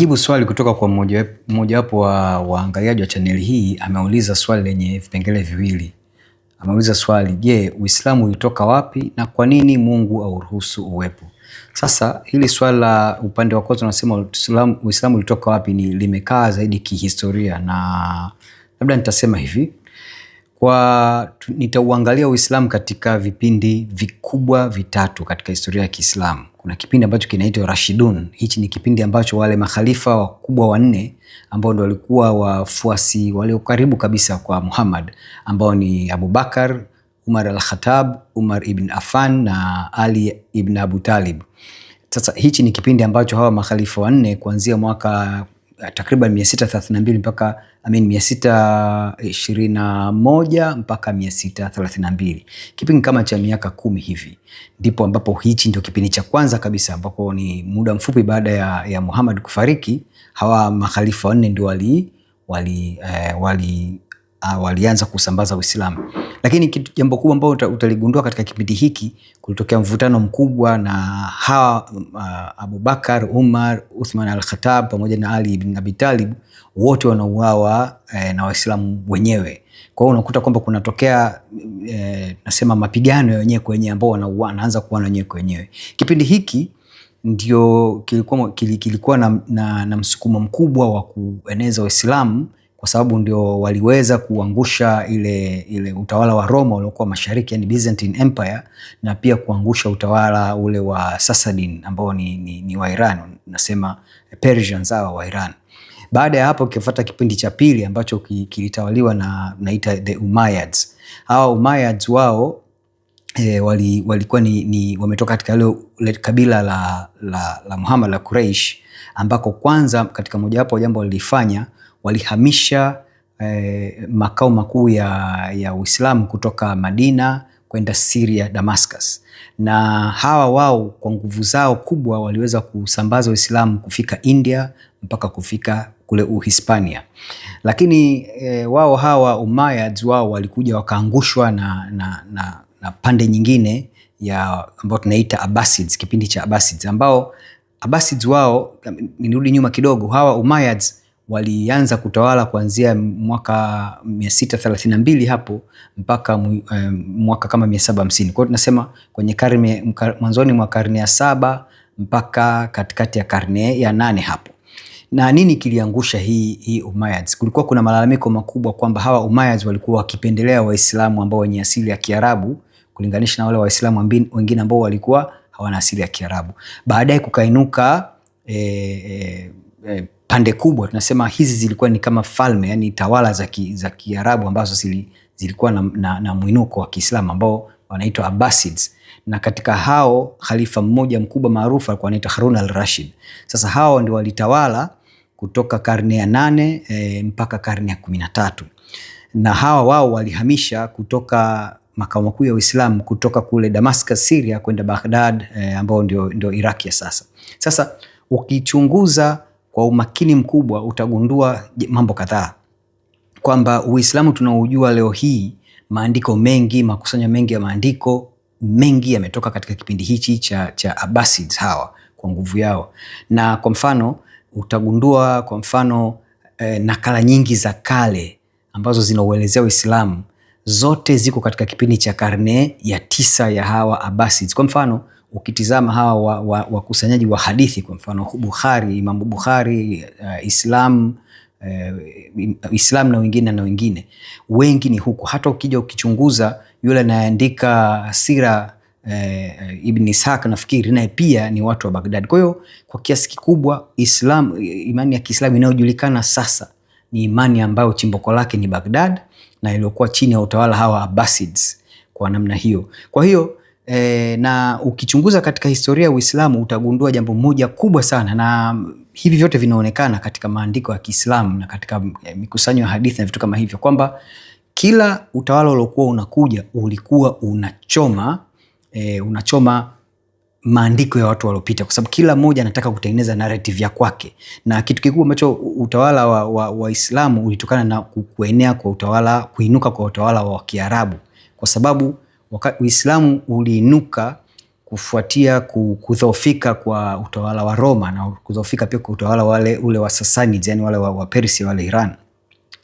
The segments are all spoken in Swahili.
Nijibu swali kutoka kwa mmojawapo wa waangaliaji wa chaneli hii. Ameuliza swali lenye vipengele viwili. Ameuliza swali, je, Uislamu ulitoka wapi na kwa nini Mungu auruhusu uwepo? Sasa hili swali la upande wa kwanza unasema Uislamu ulitoka wapi, ni limekaa zaidi kihistoria, na labda nitasema hivi kwa nitauangalia Uislamu katika vipindi vikubwa vitatu katika historia ya Kiislamu. Kuna kipindi ambacho kinaitwa Rashidun. Hichi ni kipindi ambacho wale makhalifa wakubwa wanne ambao ndo walikuwa wafuasi walio karibu kabisa kwa Muhammad ambao ni Abubakar, Umar al-Khattab, Umar ibn Affan na Ali ibn Abu Talib. Sasa hichi ni kipindi ambacho hawa makhalifa wanne kuanzia mwaka takriban mia sita thelathini na mbili mpaka I mean mia sita ishirini na moja mpaka mia sita thelathini na mbili kipindi kama cha miaka kumi hivi, ndipo ambapo hichi ndio kipindi cha kwanza kabisa ambapo ni muda mfupi baada ya, ya Muhammad kufariki, hawa makhalifa wanne ndio wali, wali, eh, wali uh, walianza kusambaza Uislamu. Lakini kitu jambo kubwa ambalo utaligundua katika kipindi hiki, kulitokea mvutano mkubwa na hawa uh, Abubakar, Umar, Uthman al-Khattab pamoja na Ali ibn Abi Talib wote wanauawa eh, na Waislamu wenyewe. Kwa hiyo unakuta kwamba kunatokea eh, nasema mapigano ya wenyewe kwa wenyewe ambao wanaanza kuana wenyewe kwa wenyewe. Kipindi hiki ndio kilikuwa, kilikuwa na, na, na msukumo mkubwa wa kueneza Uislamu kwa sababu ndio waliweza kuangusha ile, ile utawala wa Roma uliokuwa mashariki, yani Byzantine Empire, na pia kuangusha utawala ule wa Sasadin ambao ni, ni, ni wa Iran, nasema Persians hawa wa Iran. Baada ya hapo kifuata kipindi cha pili ambacho kilitawaliwa na naita the Umayyads. Hawa Umayyads wao E, wali, walikuwa ni, ni wametoka katika ile kabila la, la, la Muhammad la Quraysh ambako kwanza katika mojawapo jambo walilifanya walihamisha eh, makao makuu ya, ya Uislamu kutoka Madina kwenda Syria Damascus, na hawa wao kwa nguvu zao kubwa waliweza kusambaza Uislamu kufika India mpaka kufika kule Uhispania, lakini e, wao hawa Umayyads wao walikuja wakaangushwa na, na, na, na pande nyingine ya ambao tunaita Abbasids, kipindi cha Abbasids ambao Abbasids wao, nirudi nyuma kidogo, hawa Umayyads walianza kutawala kuanzia mwaka mia mbili hapo mpaka eh, mwaka kama saba hamsini kwao tunasema kwenye karne mwanzoni mwa karne ya saba mpaka katikati ya karne ya nane hapo. Na nini kiliangusha hii, hii Umayyads? Kulikuwa kuna malalamiko makubwa kwamba hawa Umayyads walikuwa wakipendelea Waislamu ambao wenye asili ya Kiarabu kulinganisha na wale Waislamu wengine ambao walikuwa hawana asili ya Kiarabu. Baadaye kukainuka e, e, pande kubwa tunasema hizi zilikuwa ni kama falme, yani tawala za Kiarabu ambazo zili, zilikuwa na, na, na mwinuko wa Kiislamu ambao wanaitwa Abbasids, na katika hao khalifa mmoja mkubwa maarufu alikuwa anaitwa Harun al-Rashid. Sasa hao ndio walitawala kutoka karne ya nane e, mpaka karne ya kumi na tatu na hawa wao walihamisha kutoka makao makuu ya Uislamu kutoka kule Damascus Syria kwenda Baghdad e, ambao ndio, ndio Iraq ya sasa. Sasa ukichunguza kwa umakini mkubwa utagundua mambo kadhaa, kwamba Uislamu tunaojua leo hii, maandiko mengi, makusanyo mengi ya maandiko mengi yametoka katika kipindi hichi cha, cha Abbasids hawa kwa nguvu yao, na kwa mfano utagundua kwa mfano eh, nakala nyingi za kale ambazo zinauelezea Uislamu zote ziko katika kipindi cha karne ya tisa ya hawa Abbasids. Kwa mfano ukitizama hawa wakusanyaji wa, wa, wa hadithi kwa mfano Bukhari, Imamu Bukhari, uh, Islam uh, Islam na wengine na wengine wengi ni huku. Hata ukija ukichunguza yule anayeandika sira uh, Ibn Ishaq nafikiri naye pia ni watu wa Baghdad. Kwa hiyo kwa kiasi kikubwa Islam, imani ya Kiislamu inayojulikana sasa ni imani ambayo chimboko lake ni Baghdad na iliyokuwa chini ya utawala hawa Abbasids kwa namna hiyo. Kwa hiyo E, na ukichunguza katika historia ya Uislamu utagundua jambo moja kubwa sana, na hivi vyote vinaonekana katika maandiko ya Kiislamu na katika eh, mikusanyo ya hadithi na vitu kama hivyo, kwamba kila utawala uliokuwa unakuja ulikuwa unachoma e, unachoma maandiko ya watu waliopita, kwa sababu kila mmoja anataka kutengeneza narrative ya kwake, na kitu kikubwa ambacho utawala wa Waislamu wa ulitokana na kuenea kwa utawala, kuinuka kwa utawala wa Kiarabu kwa sababu Uislamu uliinuka kufuatia kudhoofika kwa utawala wa Roma na kudhoofika pia kwa utawala wale ule wa Sasani, yani wale wa, wa Persia wale Iran.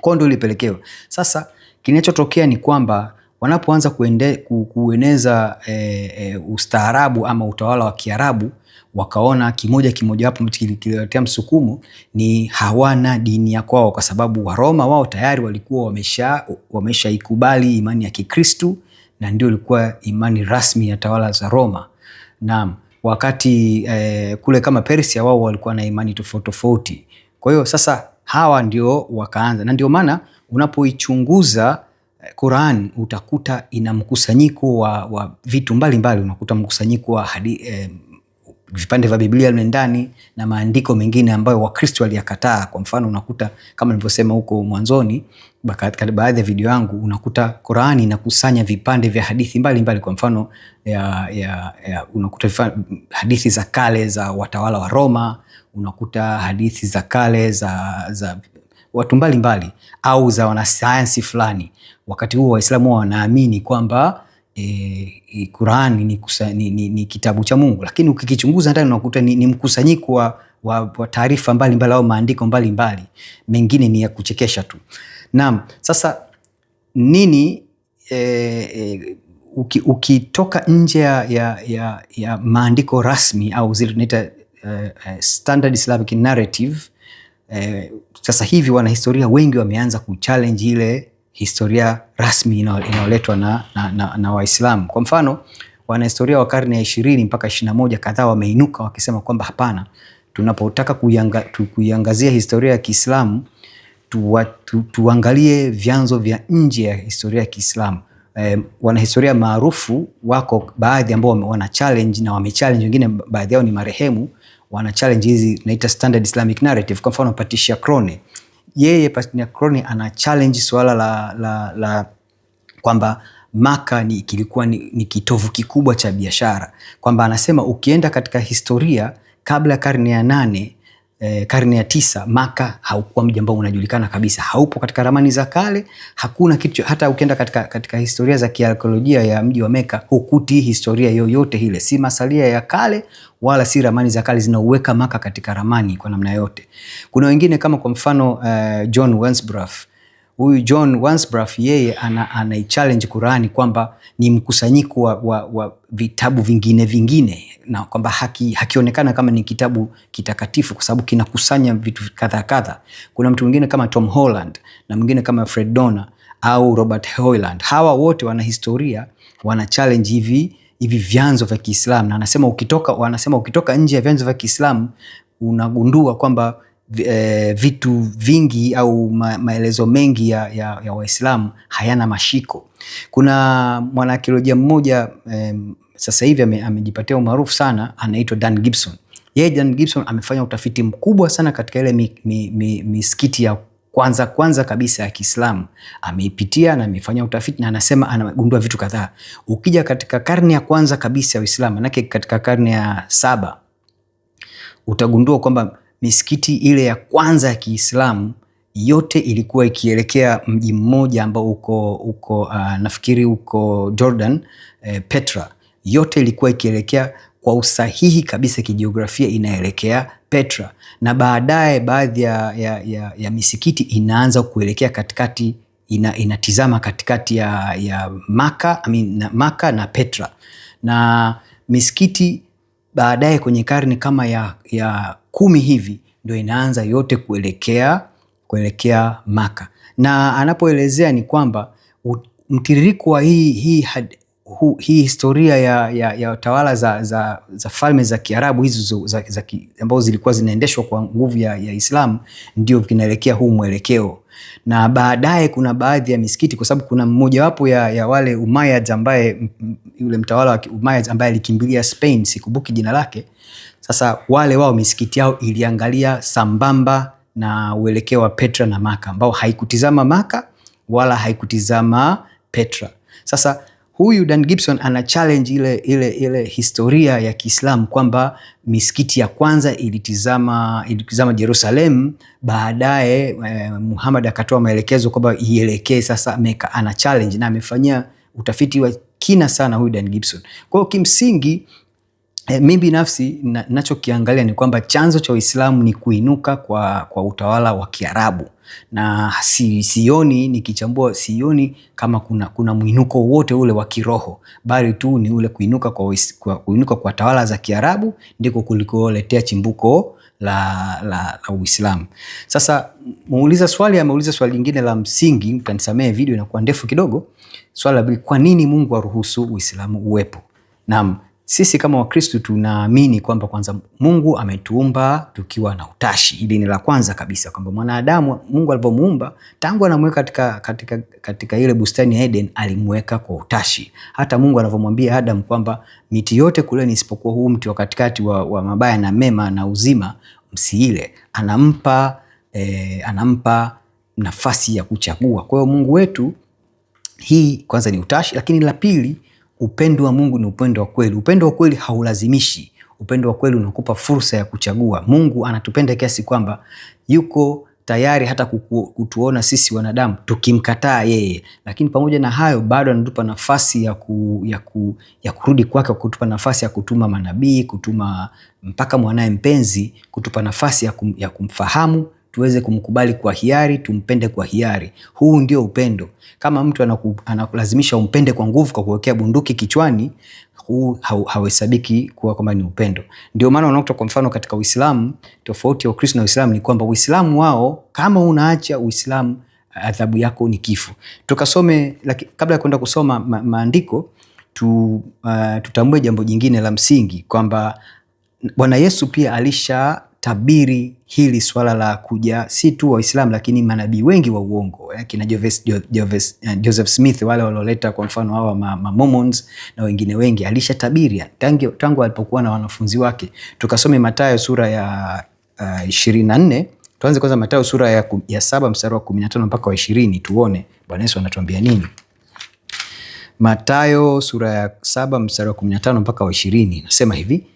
Kwa ndio ilipelekewa. Sasa kinachotokea ni kwamba wanapoanza kuende, kueneza e, e, ustaarabu ama utawala wa Kiarabu wakaona kimoja kimoja wapo kililetea msukumo ni hawana dini ya kwao, kwa sababu Waroma wao tayari walikuwa wamesha wameshaikubali imani ya Kikristu na ndio ilikuwa imani rasmi ya tawala za Roma. Naam, wakati eh, kule kama Persia wao walikuwa na imani tofauti tofauti. Kwa hiyo sasa hawa ndio wakaanza, na ndio maana unapoichunguza eh, Qur'an utakuta ina mkusanyiko wa, wa vitu mbalimbali mbali. Unakuta mkusanyiko wa hadi, eh, vipande vya Biblia mle ndani na maandiko mengine ambayo Wakristo waliyakataa. Kwa mfano, unakuta kama nilivyosema huko mwanzoni, katika baadhi ya video yangu, unakuta Qurani inakusanya vipande vya hadithi mbalimbali mbali. Kwa mfano ya, ya, ya, unakuta hadithi za kale za watawala wa Roma, unakuta hadithi za kale za, za watu mbalimbali mbali, au za wanasayansi fulani. Wakati huo Waislamu wanaamini kwamba e, e Qurani ni, kusa, ni, ni, ni kitabu cha Mungu, lakini ukikichunguza ndani unakuta ni, ni mkusanyiko wa, wa, wa taarifa mbalimbali au maandiko mbalimbali, mengine ni ya kuchekesha tu. Naam, sasa nini e, e, uki, ukitoka nje ya, ya, ya maandiko rasmi au zile tunaita uh, standard Islamic narrative uh, sasa hivi wanahistoria wengi wameanza kuchallenge ile historia rasmi inayoletwa na, na, na, na Waislamu. Kwa mfano, wanahistoria wa karne ya ishirini mpaka ishirini na moja kadhaa wameinuka wakisema kwamba hapana, tunapotaka kuyanga, tu, kuiangazia historia ya Kiislamu tu, tu, tuangalie vyanzo vya nje ya historia ya Kiislamu. E, wanahistoria maarufu wako baadhi ambao wana challenge na wame wengine, baadhi yao ni marehemu, wana challenge hizi naita standard Islamic narrative. Kwa mfano Patricia Crone yeye Pastinakroni ana challenge suala la, la, la kwamba Maka ni, kilikuwa ni, ni kitovu kikubwa cha biashara, kwamba anasema ukienda katika historia kabla ya karne ya nane Eh, karne ya tisa Maka haukuwa mji ambao unajulikana kabisa, haupo katika ramani za kale, hakuna kitu. Hata ukienda katika, katika historia za kiarkeolojia ya mji wa Meka hukuti historia yoyote ile, si masalia ya kale wala si ramani za kale zinauweka Maka katika ramani kwa namna yote. Kuna wengine kama kwa mfano uh, John Wensbrough huyu John Wansbraff yeye ana, ana challenge Qurani kwamba ni mkusanyiko wa, wa, wa vitabu vingine vingine na kwamba haki, hakionekana kama ni kitabu kitakatifu kwa sababu kinakusanya vitu kadha kadha. Kuna mtu mwingine kama Tom Holland na mwingine kama Fred Donner au Robert Hoyland, hawa wote wana historia, wana challenge hivi hivi vyanzo vya Kiislamu na anasema ukitoka, wanasema ukitoka nje ya vyanzo vya Kiislamu unagundua kwamba e, vitu vingi au ma, maelezo mengi ya, ya, ya Waislamu hayana mashiko. Kuna mwanakilojia mmoja e, sasa hivi amejipatia ame umaarufu sana, anaitwa Dan Gibson. Yeye Dan Gibson amefanya utafiti mkubwa sana katika ile mi, mi, mi, misikiti ya kwanza kwanza kabisa ya Kiislamu ameipitia na amefanya utafiti na anasema anagundua vitu kadhaa. Ukija katika karne ya kwanza kabisa ya Uislamu, manake katika karne ya saba utagundua kwamba misikiti ile ya kwanza ya Kiislamu yote ilikuwa ikielekea mji mmoja ambao uko, uko uh, nafikiri uko Jordan eh, Petra. Yote ilikuwa ikielekea kwa usahihi kabisa kijiografia inaelekea Petra, na baadaye baadhi ya, ya, ya, ya misikiti inaanza kuelekea katikati ina, inatizama katikati ya, ya Maka, I mean, Maka na Petra na misikiti baadaye kwenye karne kama ya, ya kumi hivi ndio inaanza yote kuelekea kuelekea Maka, na anapoelezea ni kwamba mtiririko wa hii, hii, hii historia ya, ya, ya tawala za, za, za falme za Kiarabu hizo ambazo zilikuwa zinaendeshwa kwa nguvu ya, ya Islamu ndio vinaelekea huu mwelekeo na baadaye kuna baadhi ya misikiti, kwa sababu kuna mmojawapo ya, ya wale Umayyads ambaye yule mtawala wa Umayyads ambaye alikimbilia Spain, sikumbuki jina lake. Sasa wale wao misikiti yao iliangalia sambamba na uelekeo wa Petra na Maka, ambao haikutizama Maka wala haikutizama Petra. Sasa huyu Dan Gibson ana challenge ile, ile, ile historia ya Kiislamu kwamba misikiti ya kwanza ilitizama, ilitizama Jerusalem, baadaye eh, Muhammad akatoa maelekezo kwamba ielekee sasa Meka. Ana challenge na amefanyia utafiti wa kina sana huyu Dan Gibson. Kwa hiyo kimsingi E, mi binafsi nachokiangalia ni kwamba chanzo cha Uislamu ni kuinuka kwa, kwa utawala wa Kiarabu na si, sioni nikichambua, sioni kama kuna, kuna mwinuko wote ule wa kiroho, bali tu ni ule kuinuka kwa, kwa, kuinuka kwa tawala za Kiarabu ndiko kulikoletea chimbuko la, la, la Uislamu. Sasa muuliza swali ameuliza swali lingine la msingi, mtanisamee video inakuwa ndefu kidogo. Swali la kwa nini Mungu aruhusu Uislamu uwepo? Naam sisi kama Wakristo tunaamini kwamba kwanza Mungu ametuumba tukiwa na utashi. Hili ni la kwanza kabisa, kwamba mwanadamu Mungu alivyomuumba tangu anamweka katika, katika, katika ile bustani ya Eden alimweka kwa utashi. Hata Mungu anavyomwambia Adam kwamba miti yote kuleni isipokuwa huu mti wa katikati wa, wa mabaya na mema na uzima msiile, anampa eh, anampa nafasi ya kuchagua. Kwa hiyo Mungu wetu, hii kwanza ni utashi, lakini la pili Upendo wa Mungu ni upendo wa kweli. Upendo wa kweli haulazimishi. Upendo wa kweli unakupa fursa ya kuchagua. Mungu anatupenda kiasi kwamba yuko tayari hata kutuona sisi wanadamu tukimkataa yeye, lakini pamoja na hayo bado anatupa nafasi ya, ku, ya, ku, ya kurudi kwake, kutupa nafasi ya kutuma manabii, kutuma mpaka mwanaye mpenzi, kutupa nafasi ya, kum, ya kumfahamu tuweze kumkubali kwa hiari, tumpende kwa hiari. Huu ndio upendo. Kama mtu anaku, anakulazimisha umpende kwa nguvu kwa kuwekea bunduki kichwani, huu hauhesabiki kuwa kwamba ni upendo. Ndio maana unakuta kwa mfano katika Uislamu, tofauti ya Ukristo na Uislamu ni kwamba Uislamu wao, kama unaacha Uislamu adhabu yako ni kifo. Tukasome laki, kabla ya kwenda kusoma ma, maandiko tu, uh, tutambue jambo jingine la msingi kwamba Bwana Yesu pia alisha tabiri hili swala la kuja si tu Waislamu lakini manabii wengi wa uongo eh, kina Joves, Joves, eh, Joseph Smith wale walioleta kwa mfano hawa ma, ma Mormons na wengine wengi alishatabiri tangu, alipokuwa na wanafunzi wake. Tukasome Mathayo sura ya uh, eh, 24. Tuanze kwanza Mathayo sura ya, ya saba mstari wa 15 mpaka wa 20 tuone Bwana Yesu anatuambia nini. Mathayo sura ya saba mstari wa 15 mpaka wa 20 nasema hivi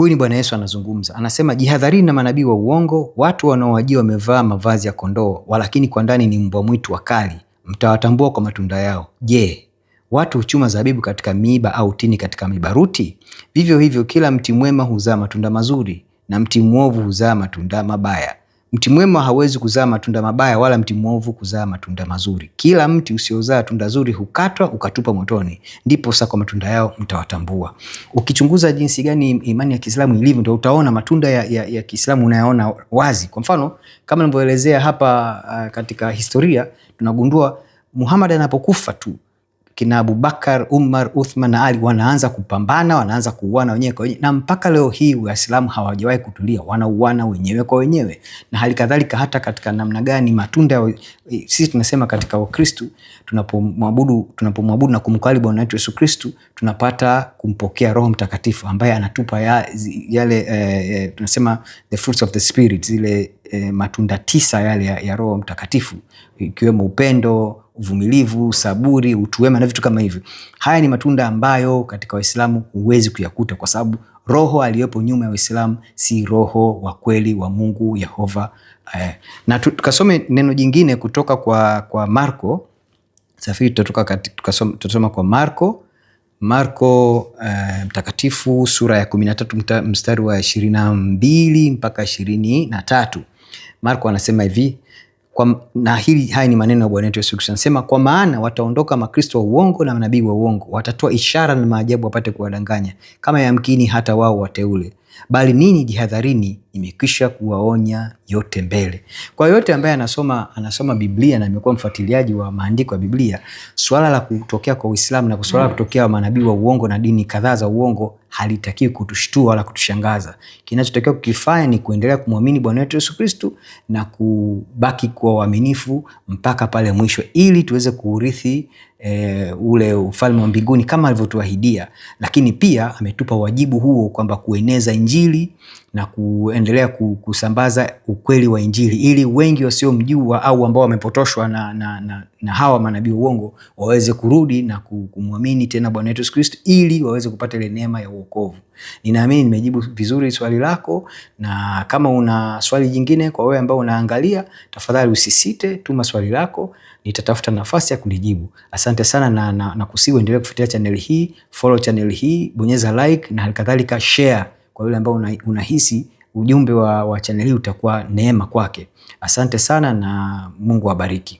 Huyu ni Bwana Yesu anazungumza, anasema jihadharini na manabii wa uongo, watu wanaowajia wamevaa mavazi ya kondoo, walakini kwa ndani ni mbwa mwitu wakali, mtawatambua kwa matunda yao. Je, watu huchuma zabibu katika miiba au tini katika mibaruti? Vivyo hivyo kila mti mwema huzaa matunda mazuri na mti mwovu huzaa matunda mabaya. Mti mwema hawezi kuzaa matunda mabaya wala mti mwovu kuzaa matunda mazuri. Kila mti usiozaa tunda zuri hukatwa ukatupa motoni, ndipo sa kwa matunda yao mtawatambua. Ukichunguza jinsi gani imani ya Kiislamu ilivyo, ndo utaona matunda ya, ya, ya Kiislamu unayaona wazi. Kwa mfano kama nilivyoelezea hapa, uh, katika historia tunagundua muhamad anapokufa tu kina Abubakar, Umar, Uthman na Ali wanaanza kupambana, wanaanza kuuana wenyewe kwa wenyewe, na mpaka leo hii Waislamu hawajawahi kutulia, wanauana wenyewe kwa wenyewe. Na hali kadhalika hata katika namna gani matunda eh, sisi tunasema katika Wakristo tunapomwabudu, tunapomwabudu na kumkali Bwana wetu Yesu Kristu tunapata kumpokea Roho Mtakatifu ambaye anatupa ya, yale eh, eh, tunasema the fruits of the spirit, zile eh, matunda tisa yale ya, ya Roho Mtakatifu ikiwemo upendo uvumilivu, saburi, utu wema na vitu kama hivyo. Haya ni matunda ambayo katika Waislamu huwezi kuyakuta kwa sababu roho aliyopo nyuma ya waislamu si roho wa kweli wa Mungu Yehova. Eh, na tukasome neno jingine kutoka kwa, kwa Marko safiri tutasoma kwa Marko Marko eh, mtakatifu sura ya kumi na tatu mstari wa ishirini na mbili mpaka ishirini na tatu Marko anasema hivi kwa, na hili haya ni maneno ya Bwana wetu Yesu Kristo anasema, kwa maana wataondoka makristo wa uongo na manabii wa uongo, watatoa ishara na maajabu wapate kuwadanganya, kama yamkini hata wao wateule. Bali ninyi jihadharini, imekwisha kuwaonya yote mbele. Kwa yote ambaye anasoma, anasoma Biblia na amekuwa mfuatiliaji wa maandiko ya Biblia, swala la kutokea kwa Uislamu na swala la mm. kutokea manabii wa uongo na dini kadhaa za uongo halitakiwi kutushtua wala kutushangaza. Kinachotakiwa kukifanya ni kuendelea kumwamini Bwana wetu Yesu Kristu na kubaki kwa uaminifu mpaka pale mwisho, ili tuweze kuurithi e, ule ufalme wa mbinguni kama alivyotuahidia. Lakini pia ametupa wajibu huo kwamba kueneza Injili na kuendelea kusambaza ukweli wa Injili ili wengi wasiomjua au ambao wamepotoshwa na, na, na, na hawa manabii uongo waweze kurudi na kumwamini tena Bwana wetu Yesu Kristo ili waweze kupata ile neema ya uokovu. Ninaamini nimejibu vizuri swali lako, na kama una swali jingine kwa wewe ambao unaangalia, tafadhali usisite, tuma swali lako, nitatafuta nafasi ya kulijibu. Asante sana na, na, na kusihi uendelee kufuatilia chaneli hii, follow chaneli hii, bonyeza like na halikadhalika share kwa yule ambao unahisi ujumbe wa, wa chaneli utakuwa neema kwake. Asante sana na Mungu wabariki